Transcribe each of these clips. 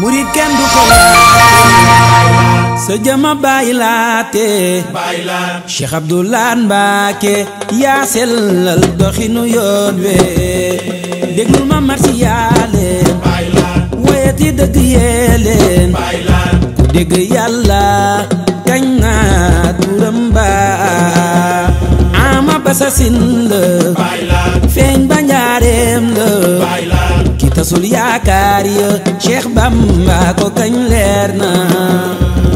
murit kenn du ko sa jëma bàyyi laate Cheikh Abdoulaye Mbacke yaa sellal doxinu yoon we déglul ma marsiyaaleen wayeti dëgg yeeleen ku dégg kañ naa turam baa assasine la feeñ ba njaareem la ki tasul yaakaar ya Cheikh Bamba ko kañ leer na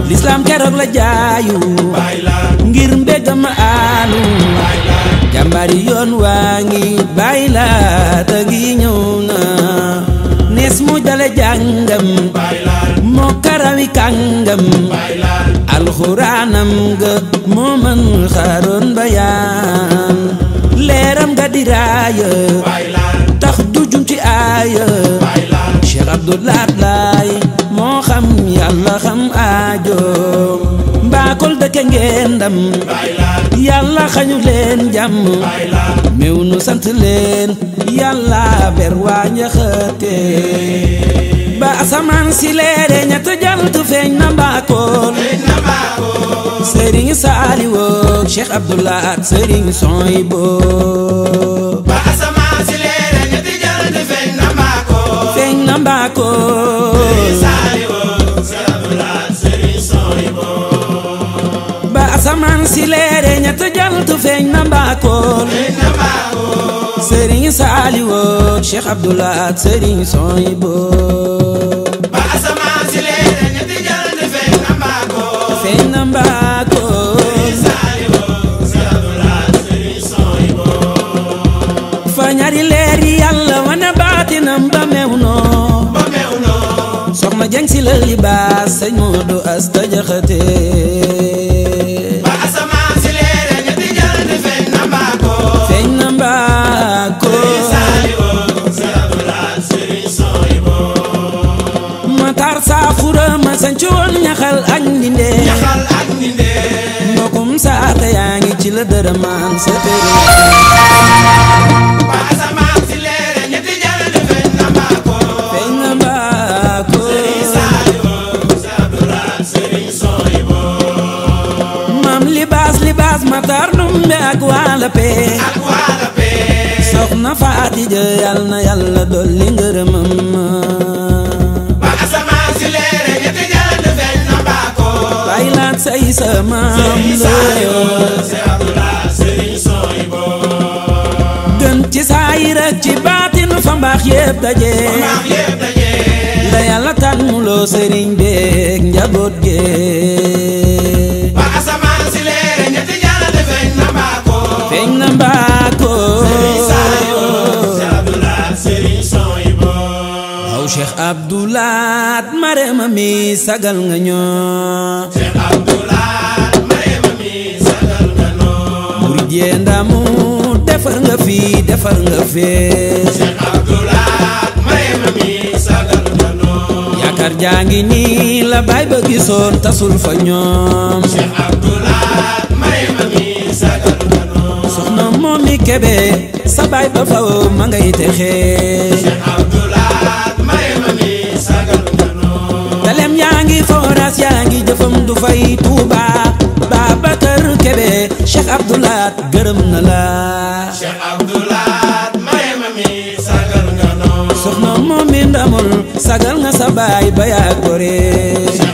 lislaam keroog la jaayu ngir mbégam aanu jàmbaari yoon waa ngi bàyyi laata gi ñëw na fas mu jale jàngam moo karawi kàngam alxuraanam ga moo xaaroon bayaan leeram ga di raaya tax du jum ci aaya Cheikh Abdoul Ahad Laay moo xam yàlla xam aajo xol dëkke sant leen yàlla ber waa ba asamaan si leere ñett jaltu feeñ na mbaakool sëriñ saali woog cheikh abdullah sëriñ soy boo si leere ñett jaltu feeñ na mbaakoon sëriñ Saaliwoo Cheikh Abdoulaat sëriñ Soyibo ba asamaan si leere ñett jaltu feeñ na mbaakoon feeñ na mbaakoon Saaliwoo Cheikh Abdoulaat fa ñaari leeri yàlla wana baatinam ba meew noo ba meew noo soxna jeng si la libaas sëñ Moodu Asta Jaxate gërëmaan sa oh. oh. ak wala pe soxna Faati ja yal na yàlla dolli ngërëmam bi sa maam gën ci saayir ak ci baatin fa mbaax yépp daje la yàlla tànn loo sëriñ beeg njaboot gee ba asamaan si leere ñetti jaarale feeñ na mbaako feeñ na mi sagal nga ñoo yee ndamu defar nga fii yaakaar jaa ngi nii la baay ba gisoon tasul fa ñoom Cheikh Abdoulaye mi sagal na noon soxna moom mi kebe sa baay ba faw ma ngay texe Cheikh Abdoulaye mi sagal na noon yaa ngi fooraas yaa ngi jëfam du fay Tuubaa Cheikh Abdoulaat gërëm na la Cheikh Abdoulaat may sagal nga noonu soxna moom mi sagal nga sa baay ba yaa gore Cheikh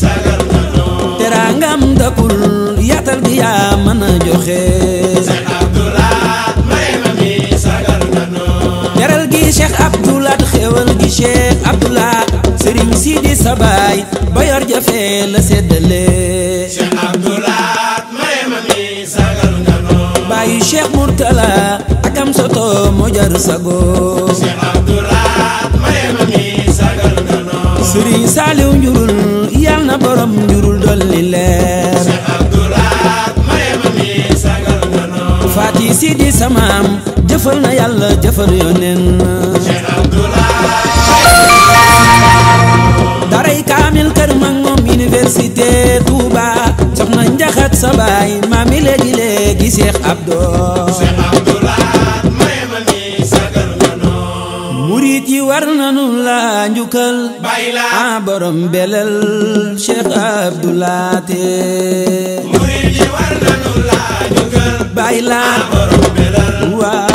sagal nga noonu teraangam dëkkul yaatal bi yaa mën a joxe Cheikh sagal nga noonu gi Cheikh Abdoulaat xewal gi Cheikh Abdoulaat Serigne Sidi sa baay ba yor jafe seddale Murtala ak am njurul yal na borom njurul dolli leer. Cheikh Abdoulaye Marème sagal gano. Fati Sidi samaam jëfal na yàlla jëfal yonen. Cheikh Abdoulaye. daray kaamil kër mag moom université Touba soxna njaxat sa baay maami léegi di Cheikh Abdou Cheikh Abdou Lahad maye ma ni yi war nanu la njukkal bay la a borom belal Cheikh Abdou Lahad murit la njukkal bay la a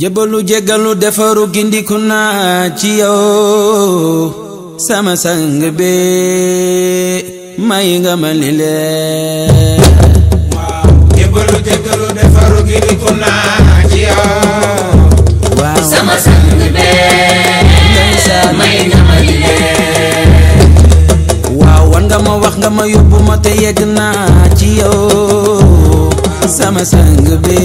jébalu jéggalu defaru gindiku naa ci yow sama sang bi may nga ma li waaw jébalu nga ma wax nga ma yóbbu ma te yegg naa ci yow sama sang bi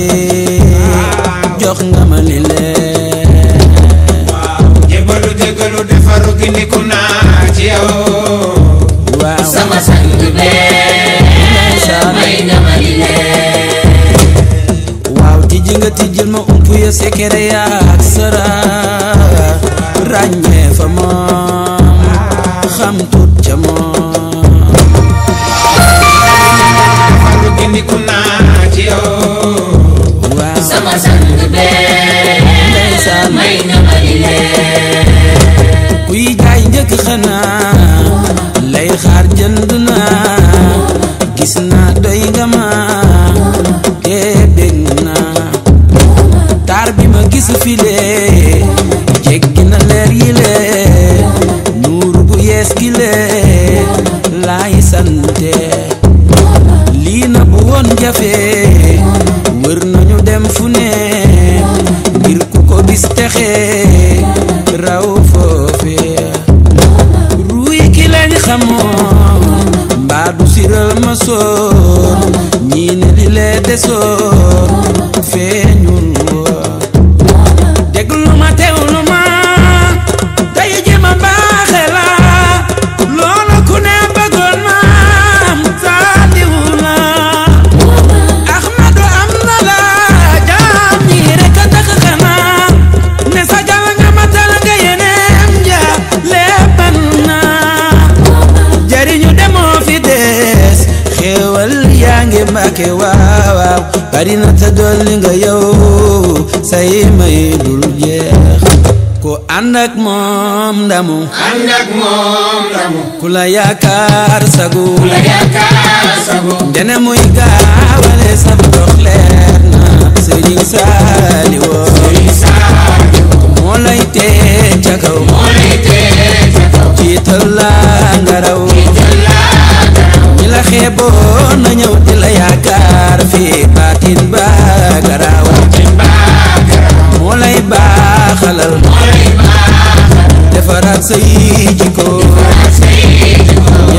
jox nga ma li leen waaw jébbalu jéggalu defaru gindiku naa ci yow waaw sama sang bee may nga ma li leen waaw tijji nga tijjil ma ump ya sekere yaa ak sara ràññee fa moom xam tut ca moom defaru gindiku naa ci yow ànd ak moom ndamu. ànd ak moom ndamu. ku la yaakaar sagu. ku la yaakaar sagu. dene muy gaawale sab dox leer na. Sëriñ Saaliw. Sëriñ Saaliw. moo lay tee ca kaw. moo lay tee ca kaw. jiital la nga raw. jiital la nga raw. ñi la xeeboon na ñëw di la yaakaar fii baatin ba garaaw. baatin ba garaaw. moo lay baaxalal. ak say jikko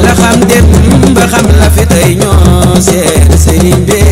la xam démb ba xam la fi tey ñoo seet sëriñ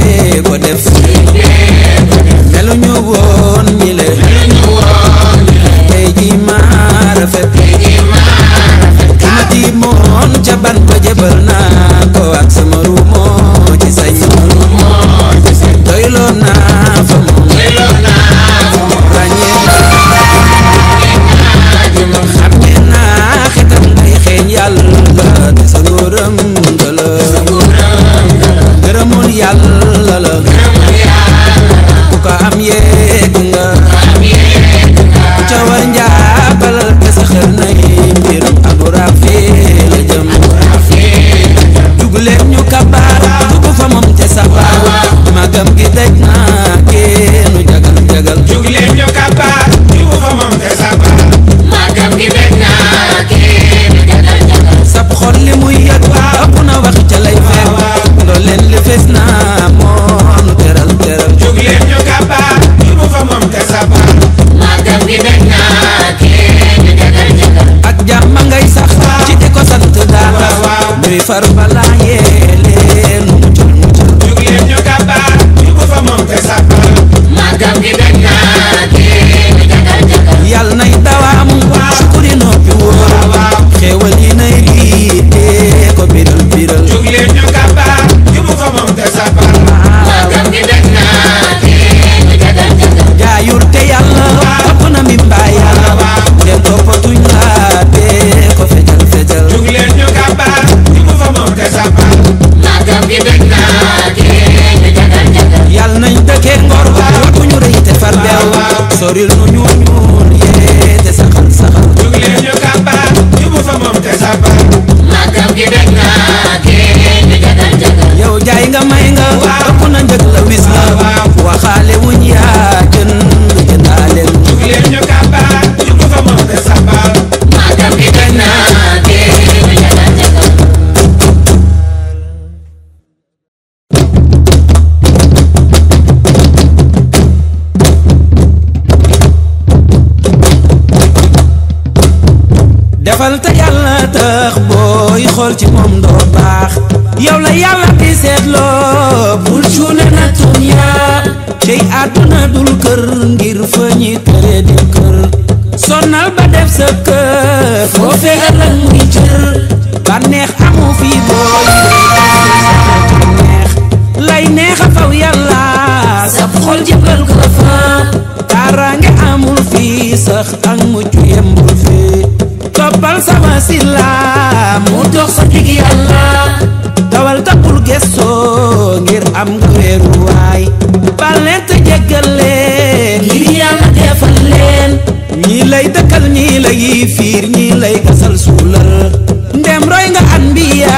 lay dëkkal ñii lay fiir ñii lay gasal suulal ndem roy nga anbiya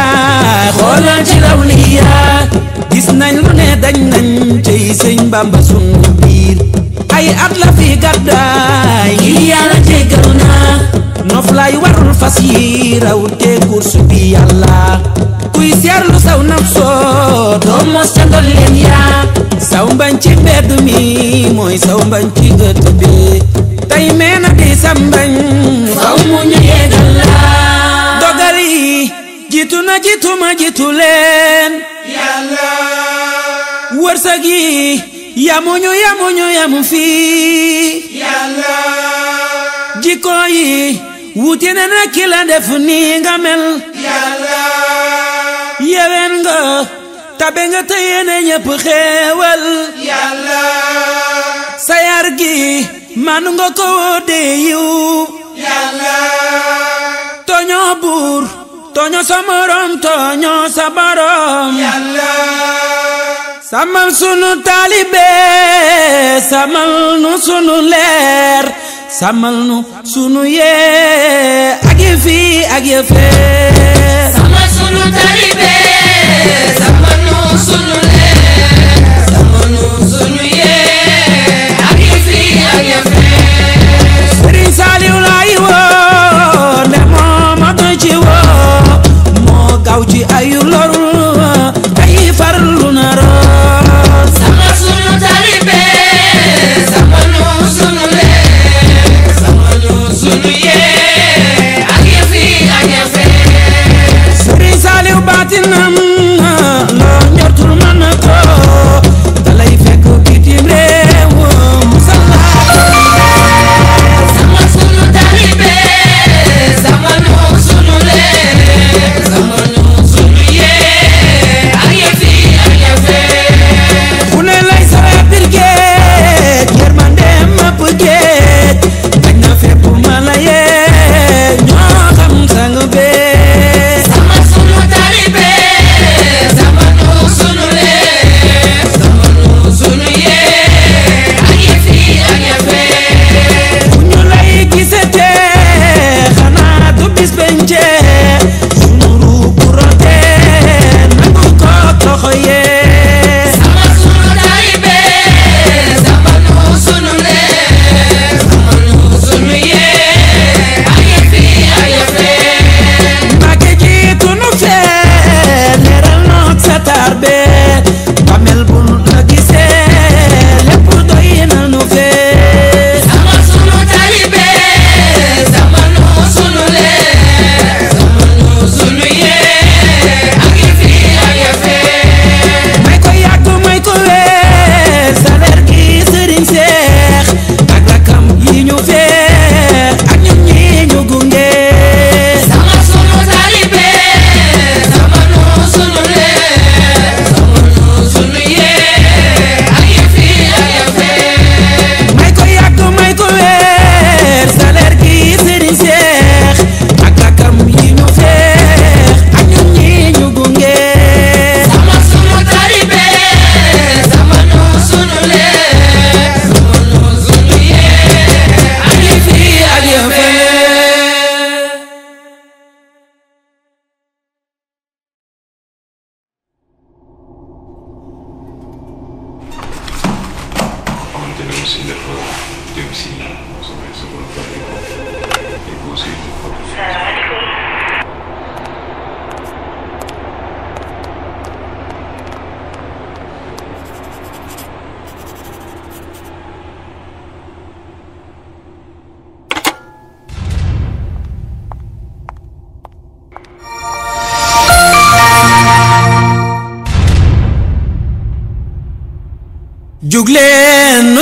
xoolal ci lawliya gis nañ lu ne dañ nañ cey sëñ Bamba sunu biir ay at la fi gàddaay ngir yàlla jéggal na noflaay warul fas yi raw te course bi yàlla kuy seerlu saw nafsoo doo mos ca ndolleen yaa saw mbañ ci mbedd mi mooy saw mbañ ci gët bi tey meen sa mbañ faw mu ñu yéegal la dogal yi jitu na jitu ma jitu leen yàlla wërsëg yi yamuñu yamuñu yamu fii yàlla jikko yi wuti na na ki la def nii nga mel yewen nga tabe nga te yéene ñëpp xéewal yàlla sayar gi manu nga ko wóode yiw yàlla tooñoo buur tooñoo sa morom tooñoo sa samal sunu taalibe samal nu sunu leer samal nu sunu yee ak yë fii ak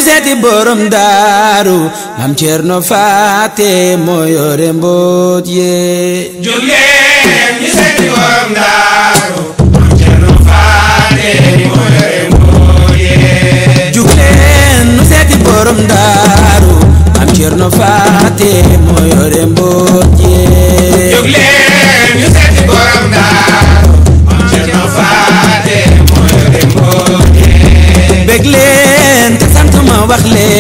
seeti borom daaru borom daaru mam Cerno Faate moo yore mboot yee jóg borom daaru mam Cerno Faate moo yore mboot yee jóg borom daaru mam Cerno Faate moo yore mboot wax leen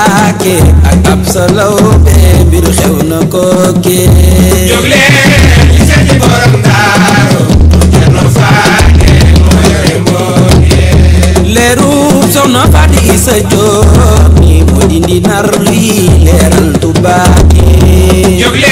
Mbàkke ak ab na ko kii. jóg leeru soxna Faati Isa Jóob ni moo leeral Tuubaa gi.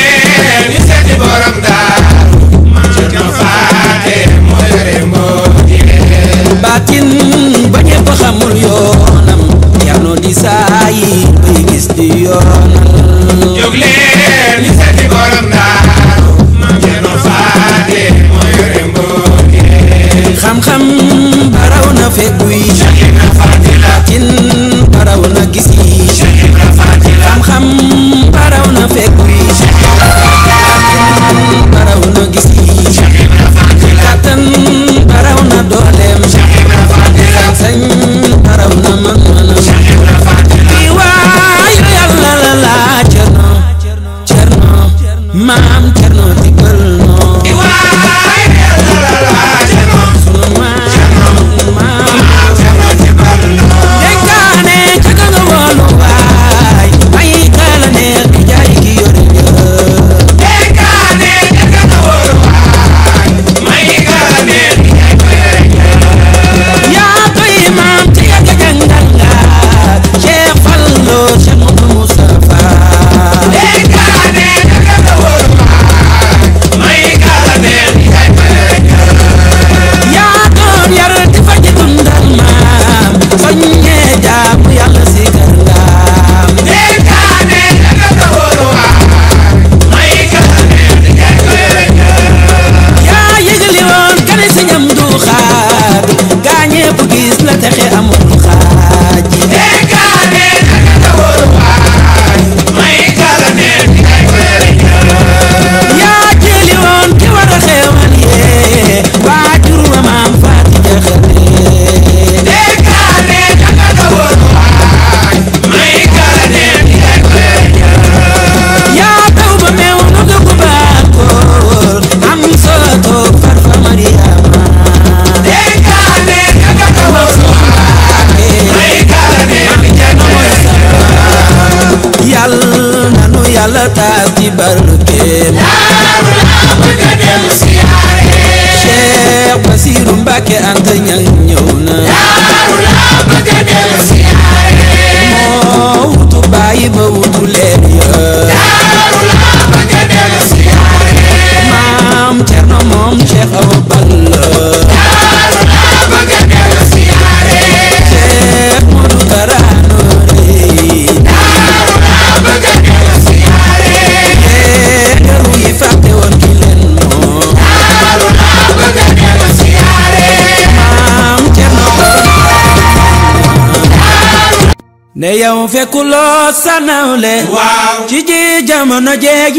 ne yow fekkuloo sanawle waaw ci ji jamono jeeg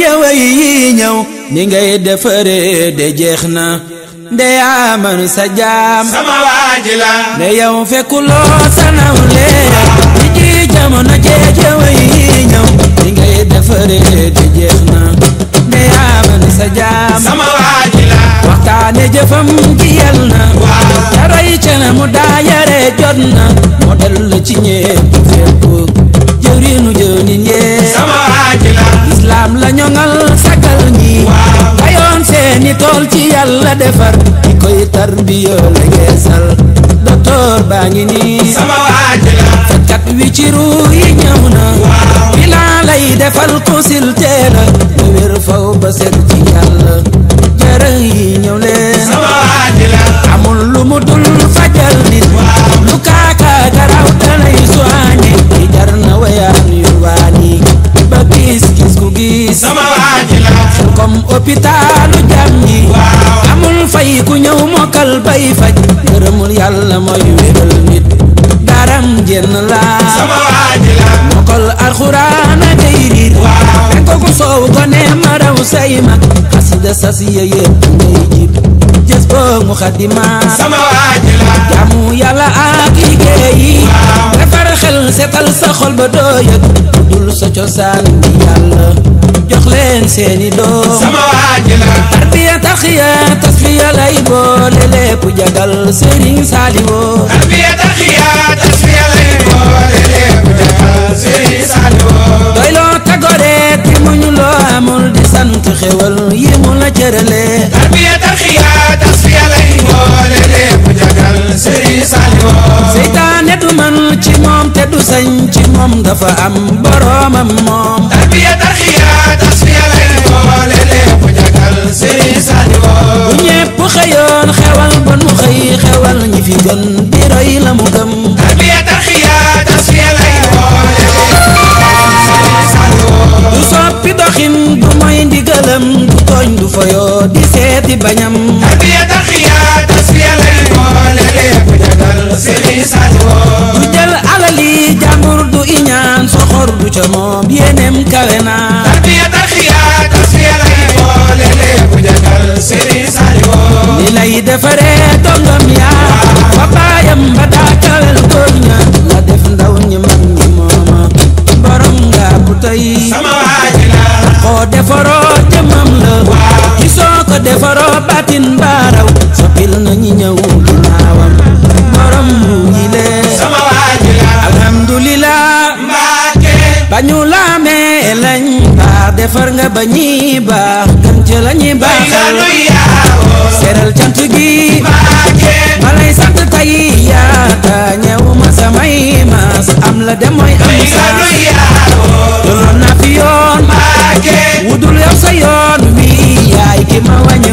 ngay defaree de jeex na yi ñëw ni ngay defaree de jeex na nde man sa sama waa la waxtaane jëfam ji yal na defar ki koy tarbiyo la yeesal docteur baa ngi nii sama wi ci ruu yi na bi defal consulté la nga faw ba set ci yàlla jërë yi ñëw leen sama waaj la amul lu mu dul fajal nit lu kaaka garaw danay soigné di jar na wayaan yu waani ba gis gis ku gis sama waaj la comme hôpitalu jàmm fay ku ñëw mokkal bay faj ngërëmul yàlla mooy wéral nit daram jenn laa sama waaji la mokkal alxuraan a day riir waaw ko ku soow ko ne raw say mag xasida sas ya yëpp ngay jës ba mu xadimaat sama waaji la jaamu yàlla ak liggéeyi defar xel setal sa xol ba doo yëg dul sa cosaan bi yàlla jox leen seeni doom sama waaji la tarbiya taxiya tasfiya lay boole lépp jagal Serigne Saliwo tarbiya taxiya tasfiya lay boole lépp jagal Serigne Saliwo doyloo tagore yéemuñu loo amul tarbiya tarxiya tasfiya lay boole lépp jagal sëriñ Saliou seytaane du man ci moom te bu nu xëy xewal ñi fi gën di roy la mu gëm xelam du di seeti bañam tarbiya taxiya tasfiya lay boole lépp jagal sëriñ saajoo du jël alali jàmbur du iñaan soxor du ca moom yéenem kawe tarbiya taxiya tasfiya lay boole lépp jagal sëriñ saajoo li lay defaree tonga nga ba ñi baax gën ca la ñi baaxal cant gi ma lay sant tey yaata ñëw ma samay maas am la dem mooy am saas doloon naa fi yoon wudul yow sa yoon wi yaay ki ma wàññi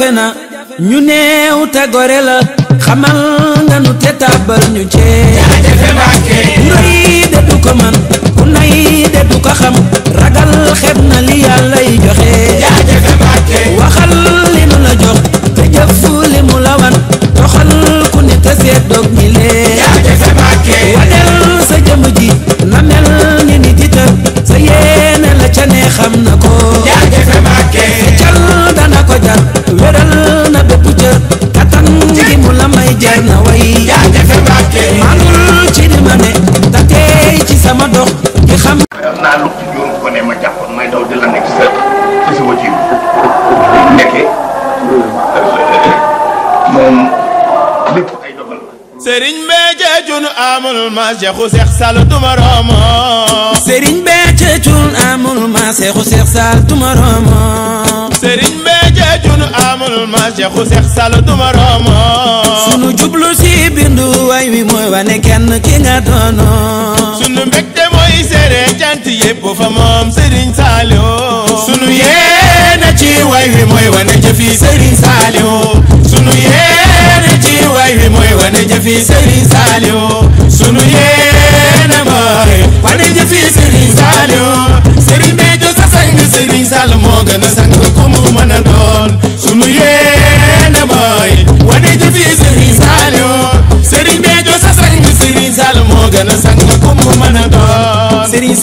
jafe na ñu néew te gore la xamal nga nu te tàbbal ñu cee jafe Mbàkke de du ko man ku nay de du ko xam ragal xeb na li yàlla yi joxe waxal li nu la jox te jëf li mu la wan doxal ku ne te seet doog ñi wadel sa jëm ji na mel ni nit itam sa yéene la ca ne xam na ko amul ma seexu seex saalu duma romo sunu jublu si bindu way wi mooy wane kenn ki doono sunu mbégte mooy sere cant yépp fa moom sëriñ Saaliw sunu yéene ci way wi mooy wane jëfi sëriñ Saaliw sunu yéene ci way wi mooy wane jëfi sëriñ Saaliw sunu yéene mooy wane jëfi Serigne Saliou Serigne Béthio sa sang Serigne a sang ku mu mën a doon sunu yéene mooy wane jëfi Serigne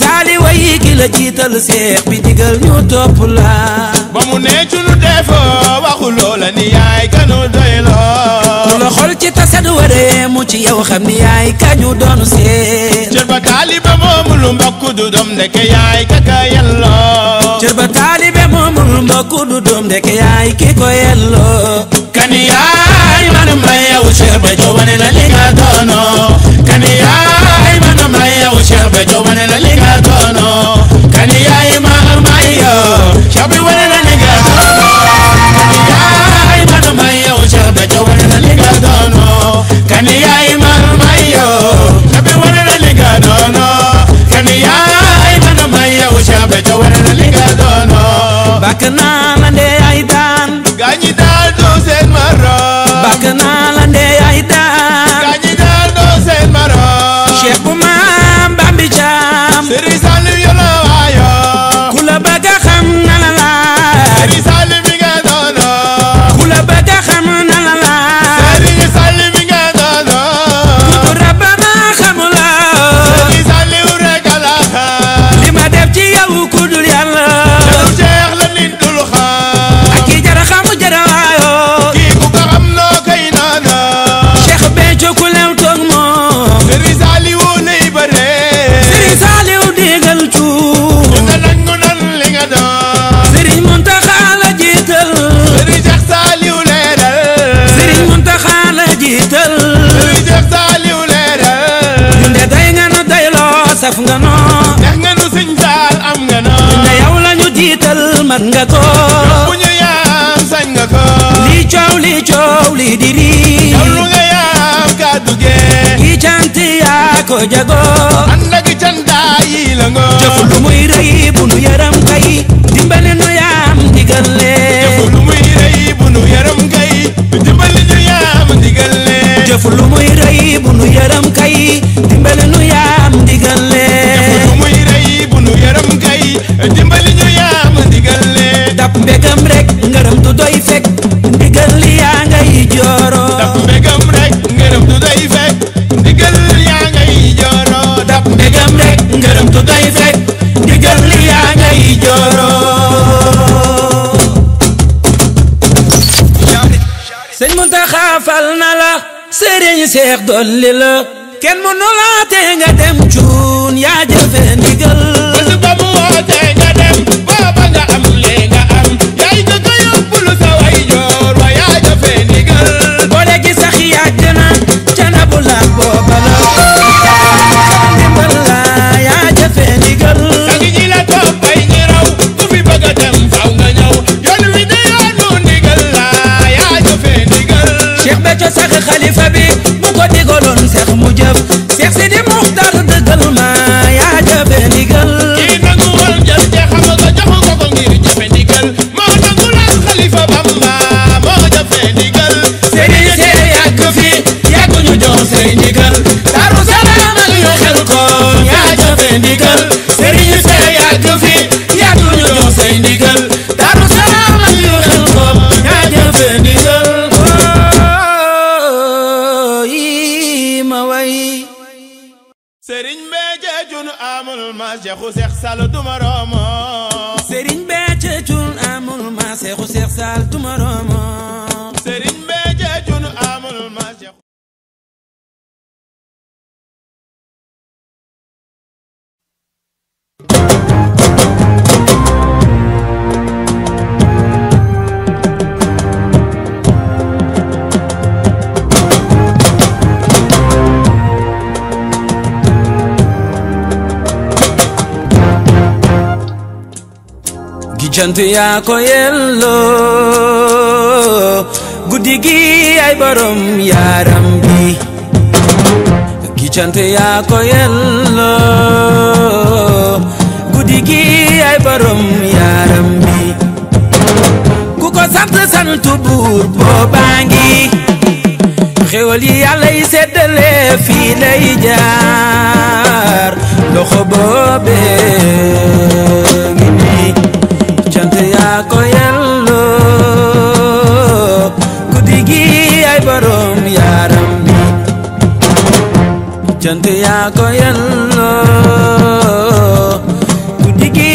a sang ku jiital seex bi digal ñu topp la ba mu ne ci lu defoo waxu ni yaay kanu doy nu waree mu ci yow xam ni yaay kañu doonu seen cër ba taalibe moomul mbokk du doom ndeke yaay kaka yelloo cër ba taalibe moomul mbokk du doom ndeke yaay ki ko yelloo kan yaay man may yow cër ba jowane la li nga doonoo kan yaay man may yow cër ba jowane la li nga naa def nga noo. def nga nu sëñ Saal am nga noo. ne yow la ñu jiital mat nga ko. bu yaam sañ nga ko. lii coow lii coow lii di rii. lu nga yaam kàddu gee. kii cant yaa ko jagoo. ànd ak cant yi la ngoo. jëf lu muy rëy. mbégam rek ngërëm du doy fekk ndigal li yaa ngay jooro daf mbégam rek ngërëm du doy fekk ndigal li yaa ngay jooro daf mbégam rek ngërëm du doy fekk ndigal li yaa ngay jooro sëñ Muntaxa fal na la sëriñ Seex dolli la kenn mënu laa te nga dem cuun yaa jëfe ndigal Cheikh Béthio sax xalifa bi bu ko digaloon sax mu jëf Cheikh Sidi yaa ko yelloo guddi gi ay borom yaa ko ku ko sant santu buur boobaa ngi xéwal yi yàlla yi seddale fii lay jaar loxo boobee yaa ko yelloo guddi gi ay borom yaram bi cant yaa ko yelloo guddi gi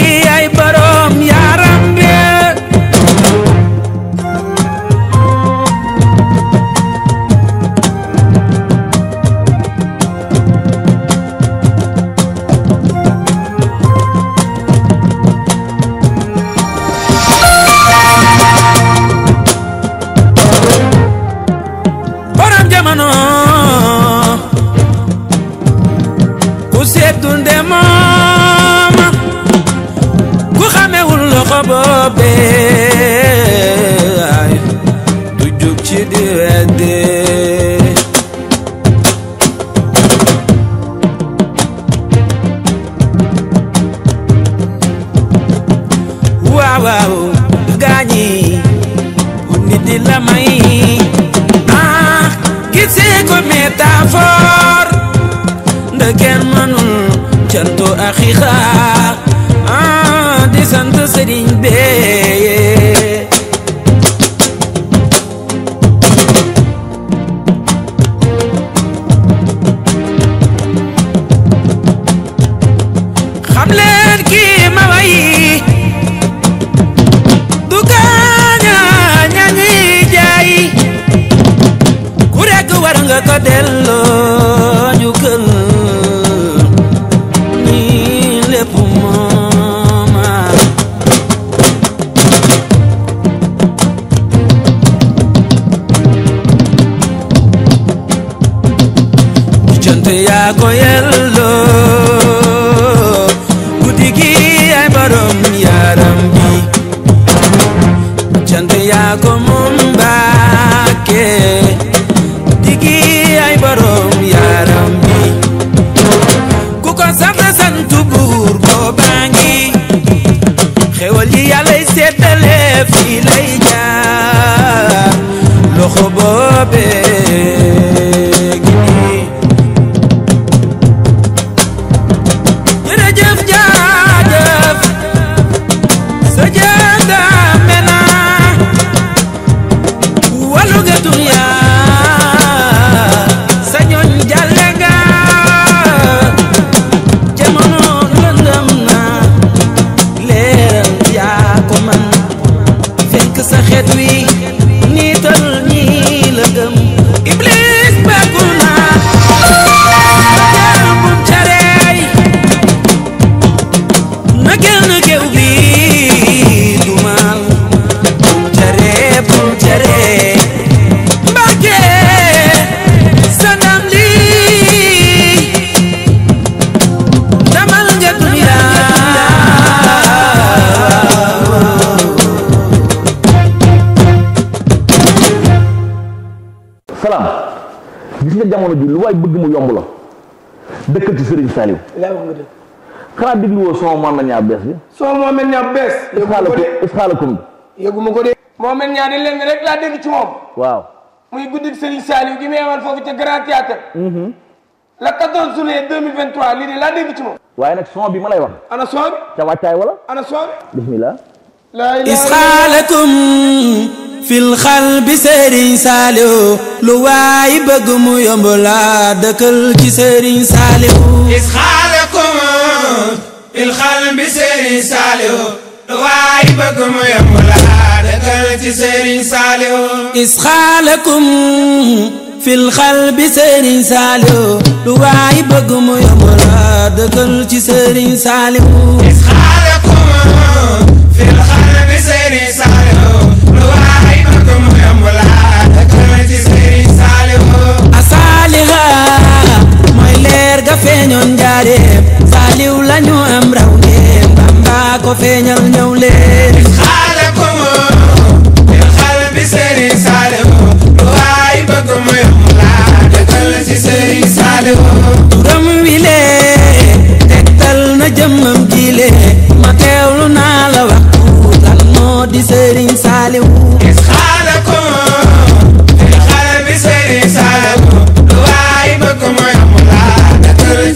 Saliou. xanaa diglu woo son Mouhamed Niang bu bees bi. son Mouhamed Niang bu bees. yëguma ko de isxaalakum yëguma ko de. Mouhamed Niang de lenn rek laa dégg ci moom. waaw. muy guddi Serigne Saliou gi mu yemal foofu ca Grand Théâtre. Mm-hmm. le 14 juillet 2023 lii de laa dégg ci moom. waaye nag son bi ma lay a ana son ca wàccaay wala. ana son bi. isxaalakum fil xalbi sëriñ saaliw lu waay bëgg mu yomb laa dëkkal ci sëriñ saaliw isxaalakum fil xalbi sëriñ saaliw lu waay bëgg mu yomb laa dëkkal ci sëriñ saaliw isxaalakum fil xalbi sëriñ saaliw lu waay bëgg mu yomb laa dëkkal ci sëriñ saaliw isxaalakum fil saaliha lu waay bëgg mu yomb laa dëkkal ci sëriñ saaliw turam wi lee tegtal na jëmmam ji lee ma teewlu naa la waxtu lan moo di sëriñ saaliw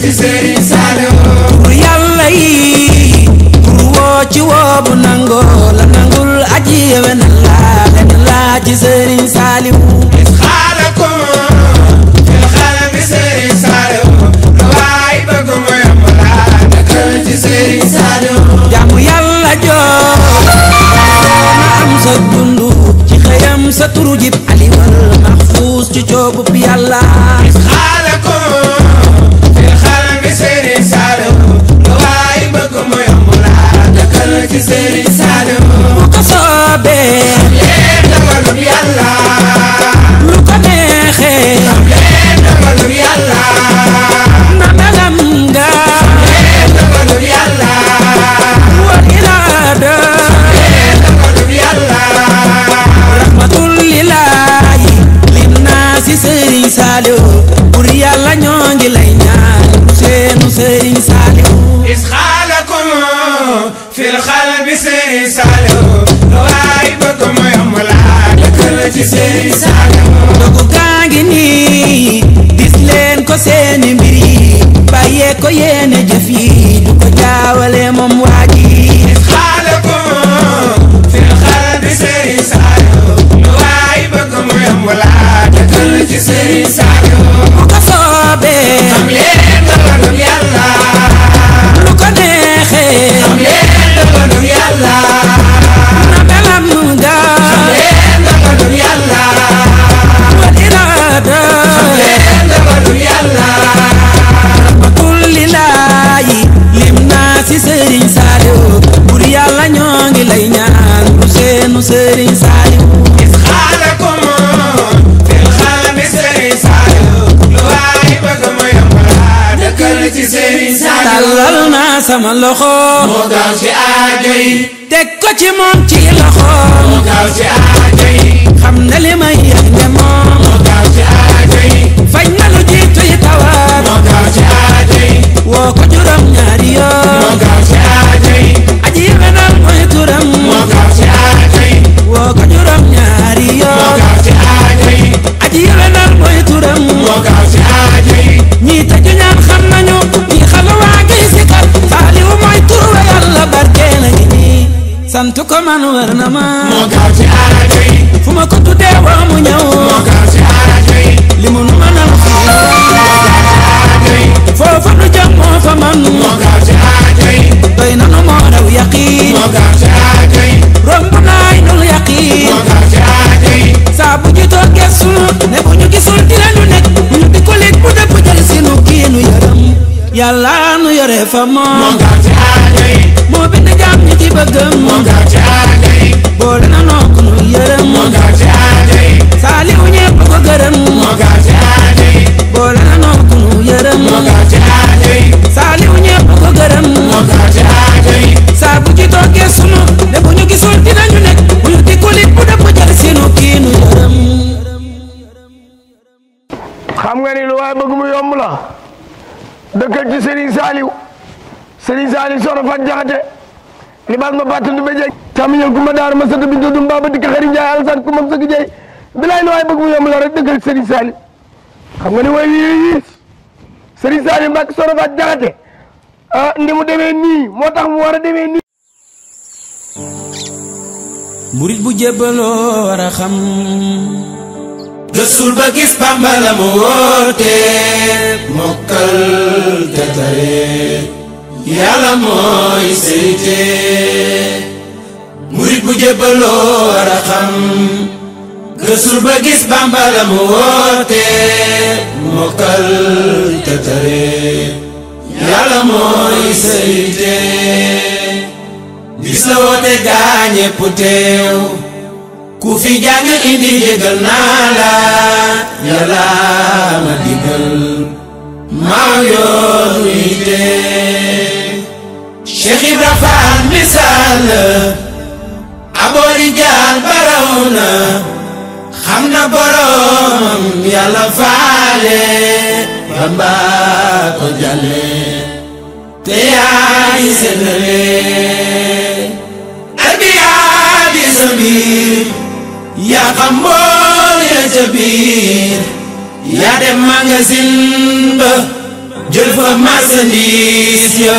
ci Serigne Saliou tur yàlla yi tur woo ci woo bu nangoo la nangul aji yewen laa leen laa ci Serigne Saliou is xaala ko fil xalam bi Serigne Saliou lu waay bëgg mu yomb laa naka ci Serigne Saliou jaamu yàlla joo na am sa dund ci xëyam sa turu jib aliwal maxfuus ci coobub yàlla is xaala ko ci Serigne Saliou bu ko soobee. xam leen dogalub yàlla. sama loxo. moo gaaw ci aajo yi. ko ci moom ci loxo. moo gaaw ci aajo xam na li may yëngu moom. moo gaaw ci aajo yi. na lu jiitu yi tawaat. moo gaaw ci aajo yi. woo ko juróom ñaari yoon. moo gaaw ci aajo yi. aji wenal mooy turam. moo gaaw ci aajo sant ko fu ma ko tuddee woo mu ñëw moo gaaw ci arajo yi li mu nu mënal foofa nu jëm moo doy na nu moo raw yaqiin moo gaaw ci arajo yi romb naay nul yaqiin moo gaaw ci arajo yi saa bu ñu toog gesu ne bu ñu gisul dina nu nekk bu ñu di ko lekk bu dëpp jël si nu kii nu yaram yàlla nu yore fa moom ci bëggam moo gaaw ci aada nu yërëm moo gaaw ci aada yi gërëm moo gaaw ci aada yi boo dana bu ci toogee sunu ñu nekk bu ñu dikkulit bu def sinu kii yërëm xam nga ni lu waay bëgg mu yomb la dëkkal ci Serigne Saliou Serigne libaas ma fàttal du ba jeeg càmmiñal kumba daar ma sata bintu dum baaba dikk xari njaay alsaan kumba mu sëgg jeey bilaay lu waay bëgg mu yomb la rek dëkkal sëriñ xam nga ne way wi wiis sëriñ Saali Mbàkke Jaxate ah, ndi mu demee nii moo tax mu war a demee nii murit bu jébbaloo war a xam gëstul ba gis Bàmba la mu woote mokkal te yàlla mooy seyte murit bu jébbaloo war a xam gësul ba gis Bàmba mu woote mokkal te tare yàlla mooy seyte bis la woote gaa ñépp ku fi jàng indi yëgal naa la yàlla ma digal maaw yoon tee Cheikh Ibra Fall misaal la aboori jaal baraw na xam na boroomam yàlla faale Bamba ko jàlle te yaay séddale arbiyaa di sa biir yaa xam mbool ya ca biir yaa dem magasin ba jël fa marchandise ya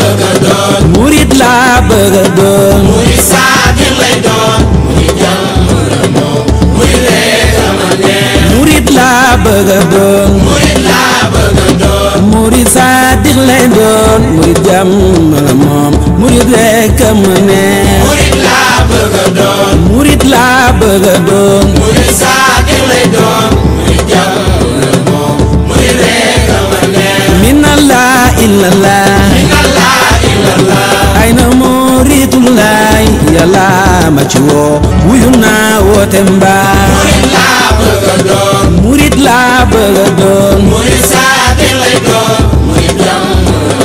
bëgg a doon. murit laa bëgg a doon. murit saadix lay doon. murit jàmm la moom. murit lee sama neex. murit laa bëgg a doon. murit laa bëgg a doon. murit saadix lay doon. murit jàmm la moom. murit lee sama neex. murit laa bëgg a doon. murit laa bëgg a doon. murit saadix lay doon. murit jàmm la moom. murit lee sama neex. min Allah illa Allah. ay na muridullaay yàlla ma ci woo wuyu naa woote mbaa murid laa bëgg doon murid saa lay doon murid jam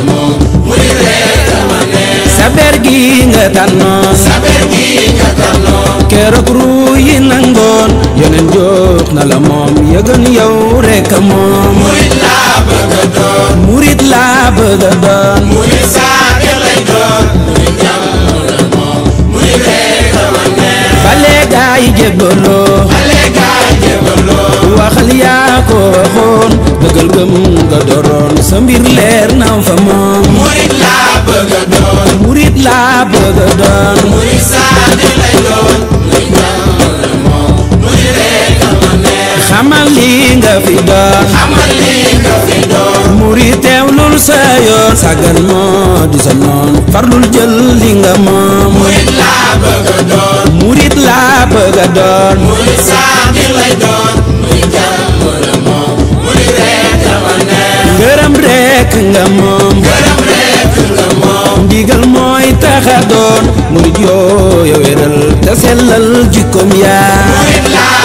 moom murid rek ma ne saber gi nga tànnoon saber yi nangoon yeneen jox na la moom yëgan yow rek moom murid laa bëgg doon murid laa ay jébbaloo waxal yaa ko waxoon bëggal gëm nga doroon sa leer na fa moom murit laa laa bëgga doon murit saa di lay doon amal li nga fi doon amal li nga fi doon muri teewlul sa yoon sagal moo di sa noon farlul jël li nga moom murit laa bëgg a doon murit laa bëgg a doon murit saadiq lay doon muy jàmm la moom murit rek la ma neex ngërëm rek nga moom ngërëm rek nga moom ndigal mooy tax a doon murit yoo ya wéral te sellal jikkoom yaa murit laa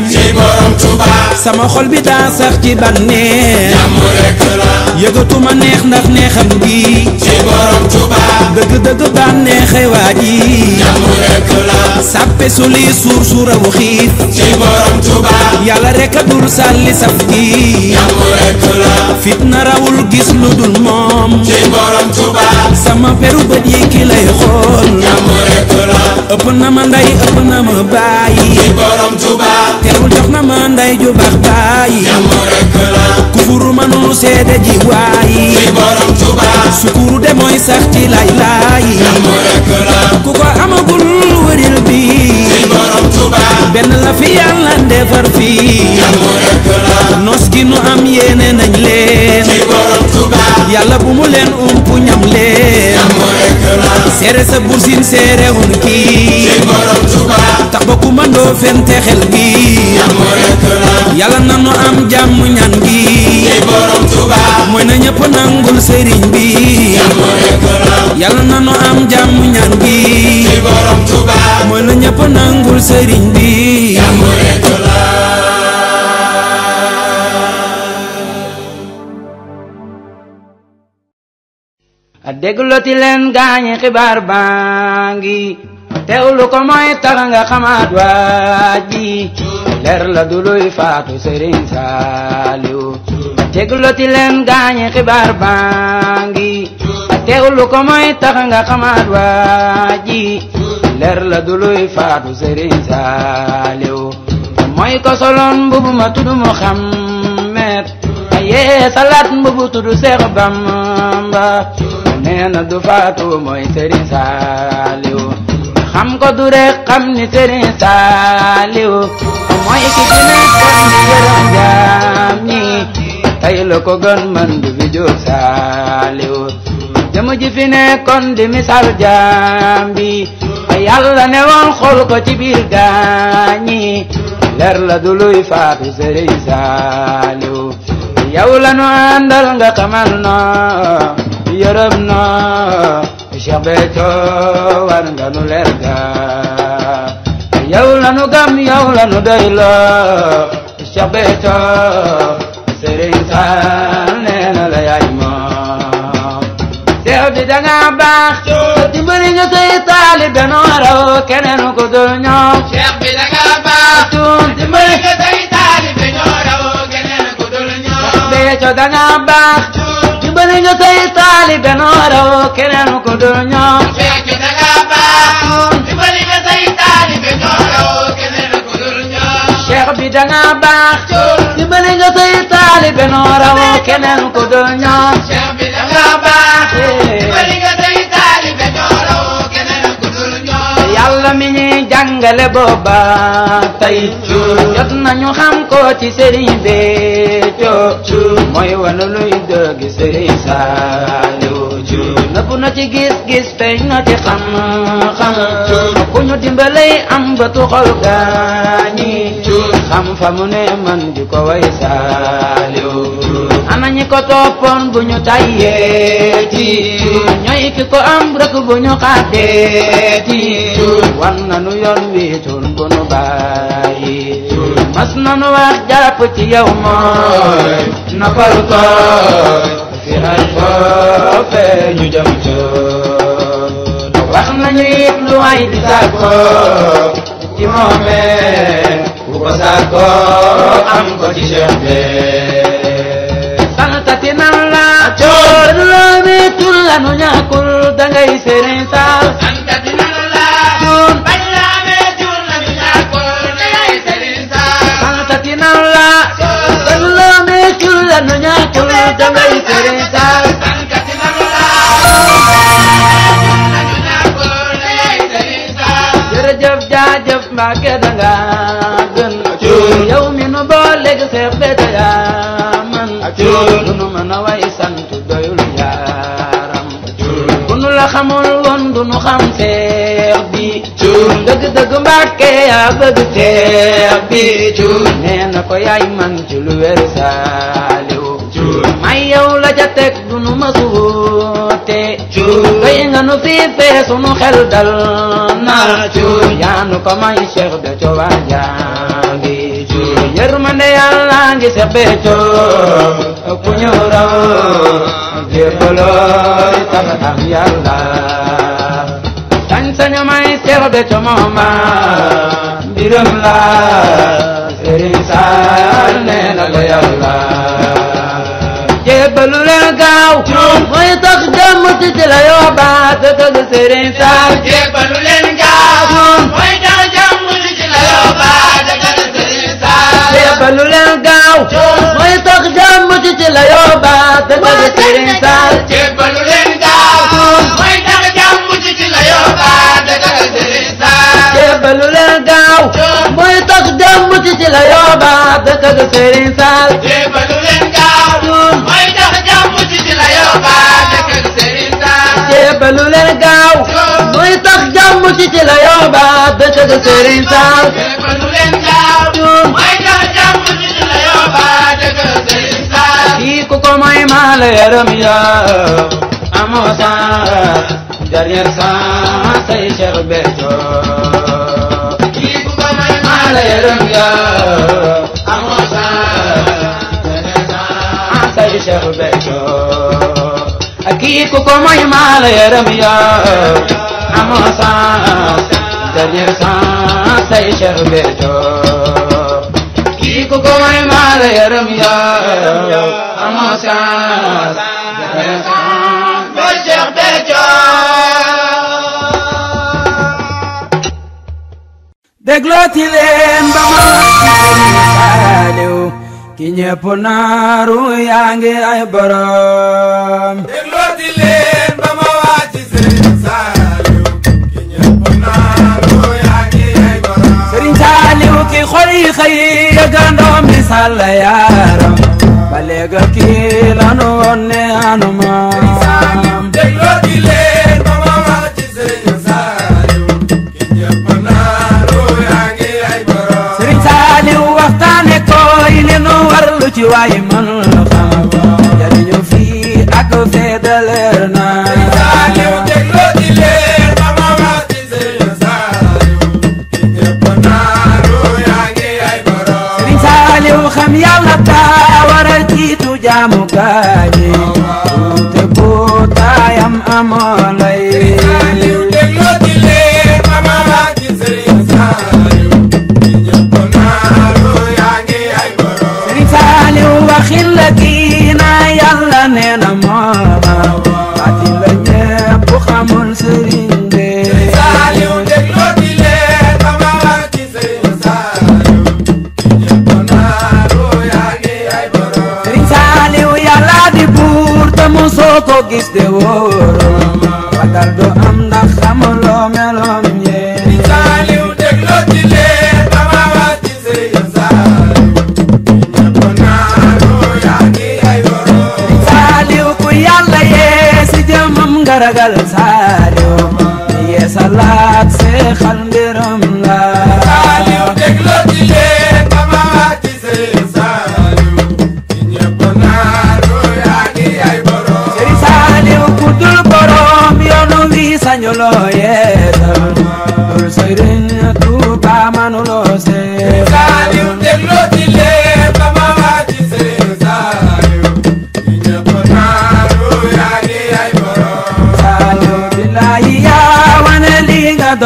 sama xol bi daa sax ci bànneex jàmm rekk la neex ndax neexam bi ci borom Tuuba dëgg-dëgg bànneexay waa ji jàmm rekk la suur suurawu xiif ci borom a dul sàlli saf gi fitna rawul gis lu dul moom ci borom Tuuba sama peru bët yi ki lay xool ma ndey ëpp na ma bàyyi ci jox na ma ndey ju baax bàyyi jàmm ku ko amagul wëril bi benn la fi yàlla defar fi jàmm gi nu am yéene nañ leen ci borom Tuuba yàlla bu mu leen umpuñ seere sa bursin seerewul kii borom tax ba ku mandoo fente xel gi yàlla na nu am jàmm ñaan gi mooy na ñëpp nangul sëriñ bi yàlla na nu am jàmm ñaan gi borom Touba mooy na ñëpp nangul sëriñ bi a dégloti leen gaañi xibaar baa ngi teewlu ko mooy tara nga xamaat waaj leer la du faatu Sëriñ Saaliw a dégloti leen gaañi xibaar baa ngi a teewlu ko mooy tara nga xamaat waaj leer la du luy faatu Sëriñ Saaliw mooy ko soloon mbubu ma tudd Muhammed a yee salaat mbubu tudd Seex Bamba nee na du faatu mooy sëriñ saaliw xam ko du rek xam ni sëriñ saaliw mooy ki gën a xam ni yërëm jaam ñi la ko gën saaliw jëmu ji fi nekkoon di misaal jaam bi ne woon xool ko ci gaañi leer la du luy faatu sëriñ saaliw yow la nu àndal nga xamal noo yërëm na Cheikh Béthio war nga nu leer ga yow la nu gam yow la nu doy la Cheikh Béthio sëriñ Saal nee na la yaay moom seex bi da nga baax dimbali nga say taalibe nu raw keneen ku dul ñoom Cheikh bi da nga baax dimbali nga say taalibe nu raw keneen ku dul ñoom Cheikh Béthio da nga baax ba ni ñu tey taalibe bi danga baax. ba ni bi danga baax. ba ni bi danga baax. jàngale booba tey jot nañu xam ko ci sëriñ Béthio mooy wane luy dëgg sëriñ Saliou nëbbu na ci gis-gis feeñ na ci xam-xam ku ñu dimbalay am bëtu xol gaañi xam fa mu ne man di ko way Saliou ana ñi ko toppoon bu ñu tayyee ci ñooy ki ko am rek bu ñu xaatee ci war nanu yoon wi tun bu nu bàyyi mas nanu wax jàpp ci yow mooy nafal ko fi al foofe ñu jëm ci wax nañu it lu waay di ci moomee bu ko sàkko am ko ci cheikh nan la coor loomeetul la nu ñàkkul dangay sëriñ saal santati nan la cuun bañ laameetul la nu ñàkkul dangay sëriñ saal santati nan la coor loomeetul la nu ñàkkul dangay sëriñ saal jërëjëf jaajëf Mbàkke danga gën yow mi nu booleeg seex be danga mën xam seex bi cuun dëgg dëgg mbàkke yaa bëgg seex bi cuun nee ko yaay man ci lu wér saaliw cuun may la ca teg du nu ma suute cuun bay nga nu fii sunu xel dal na cuun yaa nu ko may Cheikh de cobaa jaangi cuun yërmande yàlla ngi Cheikh be coob ku saña may Seex Béthio moom ma mbiram la Sëriñ Saal nee na la Yàlla jébbalu leen gaaw mooy tax jàmm ci ci la yóbbaat kër Sëriñ Saal jébbalu leen gaaw mooy tax jàmm ci ci la yóbbaat kër Sëriñ Saal jébbalu leen gaaw mooy tax jàmm ci ci la yóbbaat kër Sëriñ Saal jébbalu leen gaaw jébbalu leen gaaw muy tos démb ci ci la yooba dëkk ga sëriñ Saal jébbalu leen gaaw muy tos démb ci ci la yooba dëkk ga sëriñ Saal jébbalu leen gaaw muy tos démb ci ci la yooba dëkk ga sëriñ Saal jébbalu leen gaaw muy tos démb ci ci la yooba dëkk ga sëriñ Saal kii ku ko mooy maa la yaram yaa amoo chance dernière chance ay Cheikh Béthio. kii bu ko may maa la yërëm yow amoo chance dernière chance déglooti leen ba ma saaliw ki ki ñépp naaru yaa ngi ay yaaram ba léegi kii lanu woon ne lu ci waaye mënul la xam jariñu fii ak fee de leer na xam yàlla taa waral jiitu jaamu gaañi te bu taayam amoon alladina yàlla nee na moo raw ati la ñëpp xamul sëriñ de saaliw déglu di leen ba ma wax ci sëriñ saaliw ñëpp di buur te mosoo ko gis de du am ndax xamuloo meloo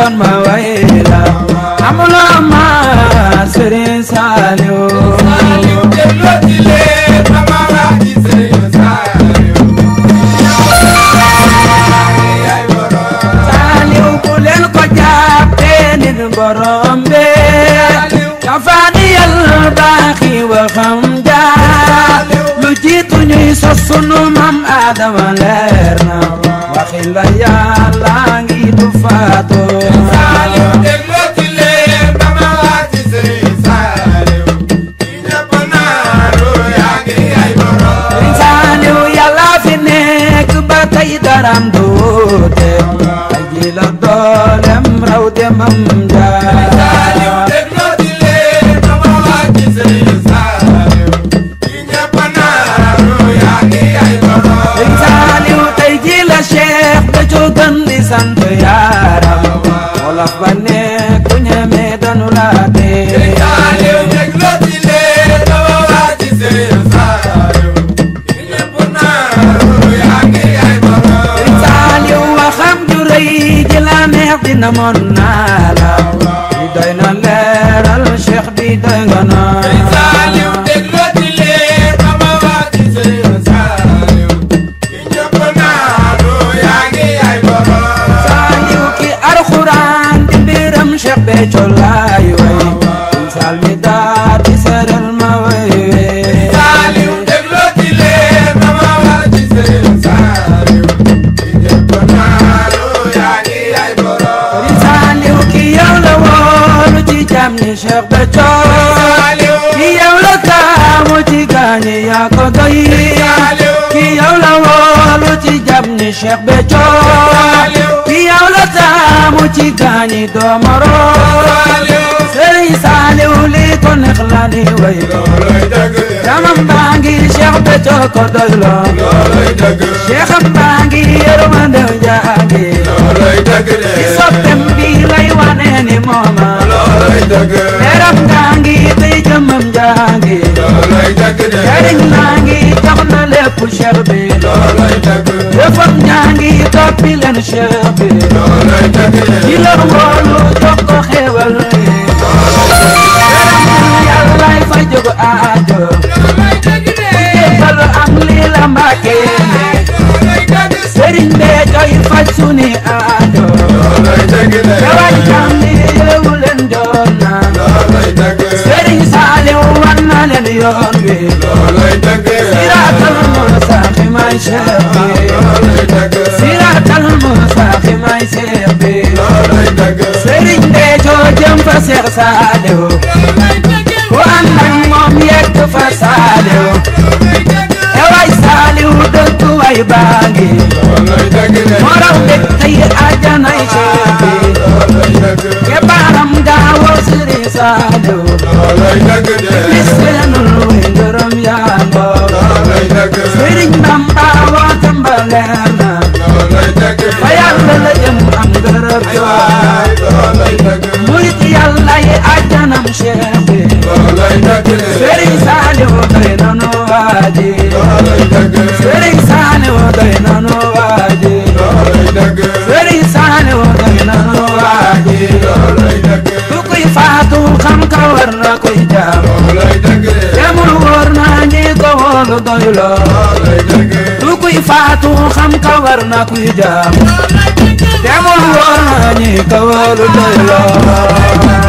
doon ma waye la amuloo ma Serigne Saliou Saliou delloo ci leen sama waa ji Serigne Saliou Saliou bu leen ko jàppee nit borom be dafaani yàlla baaxi waxam jaar lu jiitu ñuy sos sunu maam Adama leer na waxi la yàlla ngi du faatu sant yaaram wolof ba ne ku ñeme danu laa dee te yaalew nekk la ci lee dama waa ci sëyam saarayo i ñëpp naaro yaa ngi ay baro saaliw waxam ju rëy ji la neex dina moon naa ni yaa ko doy ki yow la woolu ci jàpp ni Cheikh Béthio ki yow la taamu ci gaañi doo moroom Serigne Saliou li ko neex la ni way jamam baa ngi Cheikh Béthio ko doy lool Cheikham baa ngi yërmande njaa ngi ci soppeem bi lay wane ni mooma topp cheikh bi looloy dëgg defar ñaa ngi toppi leen cheikh bi looloy dëgg di la woolu jox ko xéewal yàllaay fa jóg aajo balu am lii la mbàkke sëriñ bee joy faj suni aajo dawaj jam bi yeewu leen joon na sëriñ Saaliw wan na leen yoon bi looloy dëgg may seex bi siraatal mustaqi may seex bi sëriñ bee joo jëm fa seex saaliw ku ànd ak moom yegg fa saaliw e way saaliw dëkk way baa ngi moo raw dëkk tey ajanay seex bi ke baaram gaawoo sëriñ saaliw leerna fa yàlla la jëm am gërëm yoon murit yàlla yi àjjanam cheikh bi sëriñ saali woo doy nanu waaji sëriñ saali woo doy nanu waaji sëriñ saali woo doy nanu waaji ku kuy faatu xam ka war na kuy jaam demul wóor naa ñi ko wóolu doy loo kuy faatu xam kawar na kuy jaam demul woon ñi kawalu doy loo